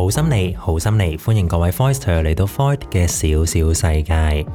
好心理，好心理，歡迎各位 Foister 嚟到 Void 嘅小小世界。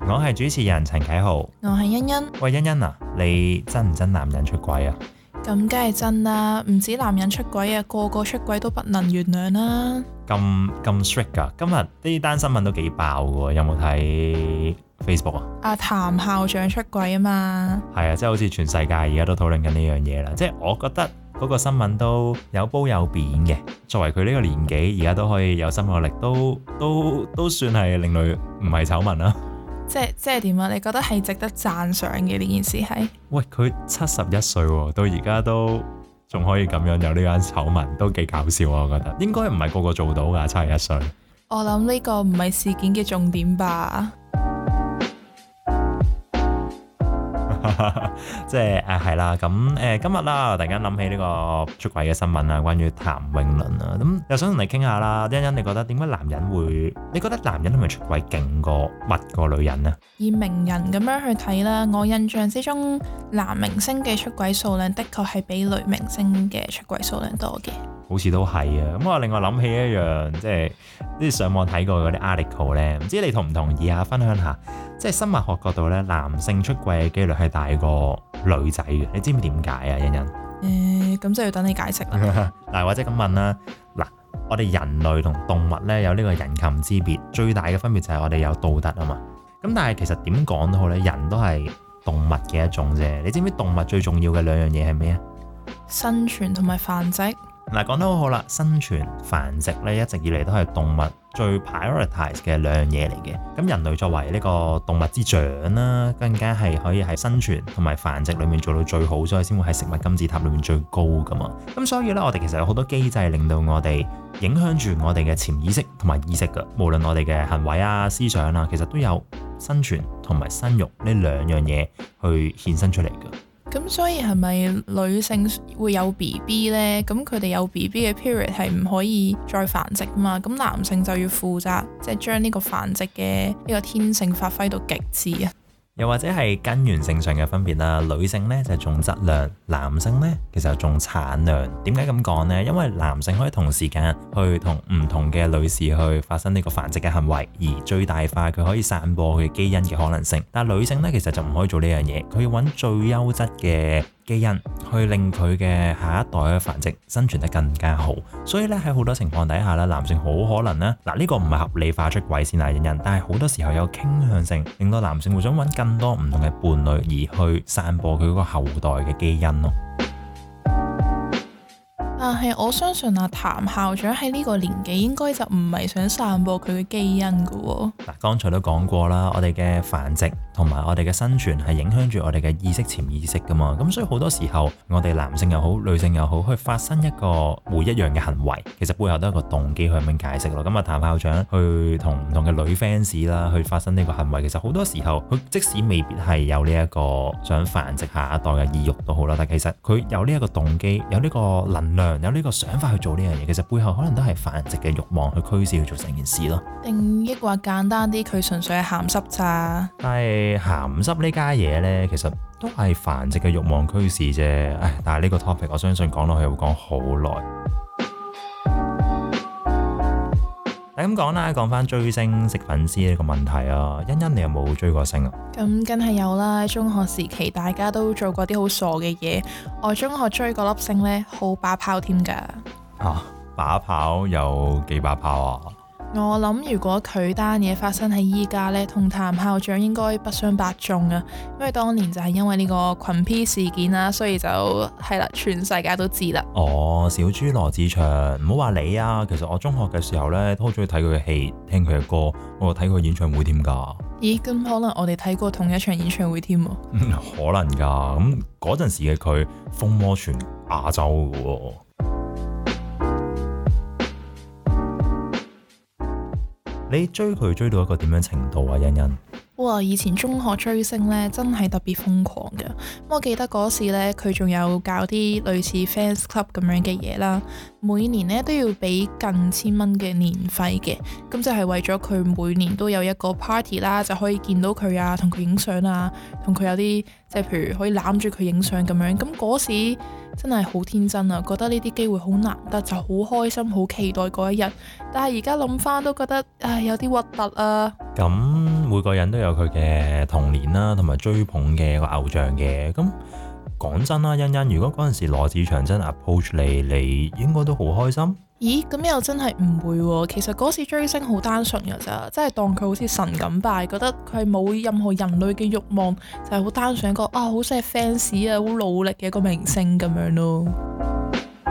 我係主持人陳棨豪，我係欣欣。喂，欣欣啊，你真唔真男人出軌啊？咁梗係真啦，唔止男人出軌啊，個個出軌都不能原諒啦。咁咁 strict 噶，今日呢單新聞都幾爆噶，有冇睇 Facebook 啊？阿譚校長出軌啊嘛。係啊，即係好似全世界而家都討論緊呢樣嘢啦。即係我覺得。嗰個新聞都有褒有貶嘅。作為佢呢個年紀，而家都可以有心有力，都都都算係另類，唔係醜聞啦。即即係點啊？你覺得係值得讚賞嘅呢件事係？喂，佢七十一歲，到而家都仲可以咁樣有呢間醜聞，都幾搞笑啊！我覺得應該唔係個個做到㗎，七十一歲。我諗呢個唔係事件嘅重點吧。 即係誒，係、啊、啦，咁誒、呃，今日啦、啊，突然間諗起呢個出軌嘅新聞啦、啊，關於譚詠麟啊，咁、嗯、又想同你傾下啦，欣欣，你覺得點解男人會？你覺得男人係咪出軌勁過乜過女人咧？以名人咁樣去睇啦，我印象之中，男明星嘅出軌數量的確係比女明星嘅出軌數量多嘅。好似都係啊！咁我另外諗起一樣，即係啲上網睇過嗰啲 article 咧，唔知你同唔同意啊？分享下，即係生物學角度咧，男性出軌嘅機率係大過女仔嘅。你知唔知點解啊？欣欣誒，咁、嗯、就要等你解釋啦。嗱， 或者咁問啦，嗱，我哋人類同動物咧有呢個人禽之別，最大嘅分別就係我哋有道德啊嘛。咁但係其實點講都好咧，人都係動物嘅一種啫。你知唔知動物最重要嘅兩樣嘢係咩啊？生存同埋繁殖。嗱，講得好好啦，生存繁殖咧，一直以嚟都係動物最 prioritise 嘅兩樣嘢嚟嘅。咁人類作為呢個動物之長啦、啊，更加係可以喺生存同埋繁殖裏面做到最好，所以先會喺食物金字塔裏面最高噶嘛。咁所以咧，我哋其實有好多機制令到我哋影響住我哋嘅潛意識同埋意識噶，無論我哋嘅行為啊、思想啊，其實都有生存同埋生育呢兩樣嘢去衍生出嚟噶。咁所以係咪女性會有 B B 呢？咁佢哋有 B B 嘅 period 係唔可以再繁殖嘛？咁男性就要負責即係將呢個繁殖嘅呢個天性發揮到極致啊！又或者係根源性上嘅分別啦，女性呢就重質量，男性呢其實重產量。點解咁講呢？因為男性可以同時間去同唔同嘅女士去發生呢個繁殖嘅行為，而最大化佢可以散播佢基因嘅可能性。但係女性呢，其實就唔可以做呢樣嘢，佢要揾最優質嘅。基因去令佢嘅下一代嘅繁殖生存得更加好，所以呢喺好多情況底下咧，男性好可能呢，嗱，呢個唔係合理化先出為善那人人，但係好多時候有傾向性，令到男性會想揾更多唔同嘅伴侶而去散播佢嗰個後代嘅基因咯。但係我相信啊，譚校長喺呢個年紀應該就唔係想散播佢嘅基因噶哦。嗱，剛才都講過啦，我哋嘅繁殖同埋我哋嘅生存係影響住我哋嘅意識、潛意識噶嘛。咁所以好多時候，我哋男性又好、女性又好，去發生一個每一樣嘅行為，其實背後都有個動機去咁解釋咯。咁啊，譚校長去同唔同嘅女 fans 啦，去發生呢個行為，其實好多時候佢即使未必係有呢一個想繁殖下一代嘅意欲都好啦，但其實佢有呢一個動機，有呢個能量。有呢個想法去做呢樣嘢，其實背後可能都係繁殖嘅慾望去驅使去做成件事咯。定抑或簡單啲，佢純粹係鹹濕咋？但係鹹濕呢家嘢呢，其實都係繁殖嘅慾望驅使啫。唉，但係呢個 topic，我相信講落去會講好耐。咁講啦，講翻追星食粉絲呢個問題啊，欣欣你有冇追過星啊？咁梗係有啦，中學時期大家都做過啲好傻嘅嘢，我中學追嗰粒星呢，好把炮添㗎。啊，把炮有幾把炮啊？我諗如果佢單嘢發生喺依家呢，同譚校長應該不相伯仲啊，因為當年就係因為呢個群 P 事件啦，所以就係啦，全世界都知啦。哦，小豬羅志祥，唔好話你啊。其實我中學嘅時候呢，都好中意睇佢嘅戲，聽佢嘅歌，我睇佢演唱會添噶。咦，咁、嗯、可能我哋睇過同一場演唱會添？ 可能噶，咁嗰陣時嘅佢風魔全亞洲噶。你追佢追到一個點樣程度啊，欣欣？哇！以前中學追星咧，真係特別瘋狂嘅。咁我記得嗰時咧，佢仲有搞啲類似 fans club 咁樣嘅嘢啦。每年咧都要俾近千蚊嘅年費嘅，咁就係為咗佢每年都有一個 party 啦，就可以見到佢啊，同佢影相啊，同佢有啲。即係譬如可以攬住佢影相咁樣，咁嗰時真係好天真啊，覺得呢啲機會好難得，就好開心，好期待嗰一日。但係而家諗翻都覺得唉，有啲核突啊。咁每個人都有佢嘅童年啦，同埋追捧嘅一個偶像嘅。咁講真啦，欣欣，如果嗰陣時羅志祥真 approach 你，你應該都好開心。咦，咁又真係唔會喎，啊。其實嗰時追星好單純嘅咋，真係當佢好似神咁拜，覺得佢係冇任何人類嘅欲望，就係、是、好單純一個啊，好似係 fans 啊，好努力嘅一個明星咁樣咯。誒、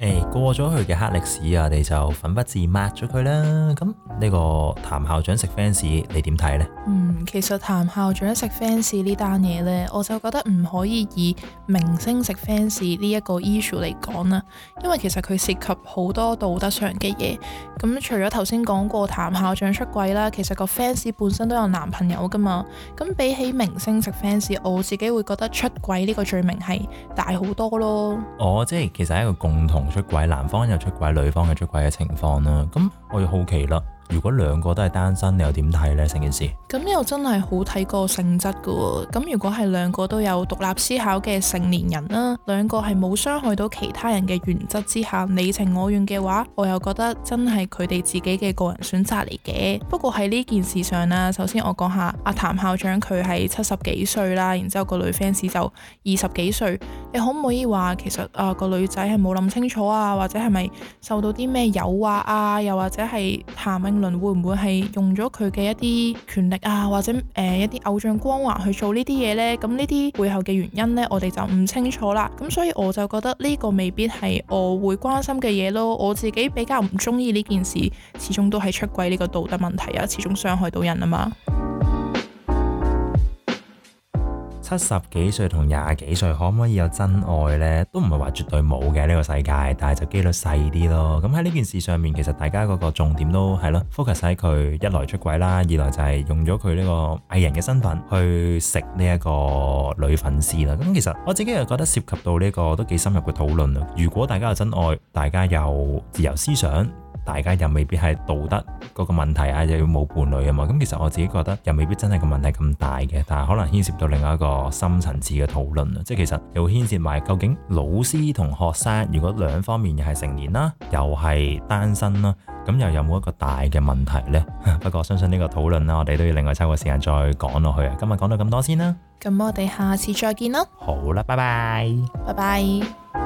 欸，過咗佢嘅黑歷史啊，我哋就粉筆字抹咗佢啦。咁。呢個譚校長食 fans 你點睇呢？嗯，其實譚校長食 fans 呢單嘢呢，我就覺得唔可以以明星食 fans 呢一個 issue 嚟講啦，因為其實佢涉及好多道德上嘅嘢。咁除咗頭先講過譚校長出軌啦，其實個 fans 本身都有男朋友㗎嘛。咁比起明星食 fans，我自己會覺得出軌呢個罪名係大好多咯。哦，即係其實係一個共同出軌，男方有出軌，女方有出軌嘅情況啦。咁我就好奇啦～如果兩個都係單身，你又點睇呢？成件事？咁又真係好睇個性質㗎喎。咁如果係兩個都有獨立思考嘅成年人啦，兩個係冇傷害到其他人嘅原則之下，你情我願嘅話，我又覺得真係佢哋自己嘅個人選擇嚟嘅。不過喺呢件事上啦，首先我講下阿譚校長佢係七十幾歲啦，然之後個女 fans 就二十幾歲。你可唔可以話其實啊、呃、個女仔係冇諗清楚啊，或者係咪受到啲咩誘惑啊，又或者係譚詠麟會唔會係用咗佢嘅一啲權力啊，或者誒、呃、一啲偶像光環去做呢啲嘢呢？咁呢啲背後嘅原因呢，我哋就唔清楚啦。咁所以我就覺得呢個未必係我會關心嘅嘢咯。我自己比較唔中意呢件事，始終都係出軌呢個道德問題啊，始終傷害到人啊嘛。七十幾歲同廿幾歲可唔可以有真愛呢？都唔係話絕對冇嘅呢個世界，但係就機率細啲咯。咁喺呢件事上面，其實大家嗰個重點都係咯，focus 喺佢一來出軌啦，二來就係用咗佢呢個藝人嘅身份去食呢一個女粉絲啦。咁其實我自己又覺得涉及到呢個都幾深入嘅討論啊。如果大家有真愛，大家有自由思想。大家又未必係道德嗰個問題啊，又要冇伴侶啊嘛，咁其實我自己覺得又未必真係個問題咁大嘅，但係可能牽涉到另外一個深層次嘅討論，即係其實又會牽涉埋究竟老師同學生如果兩方面又係成年啦，又係單身啦，咁又有冇一個大嘅問題呢？ 不過相信呢個討論啦，我哋都要另外抽個時間再講落去啊！今日講到咁多先啦，咁我哋下次再見啦，好啦，拜拜，拜拜。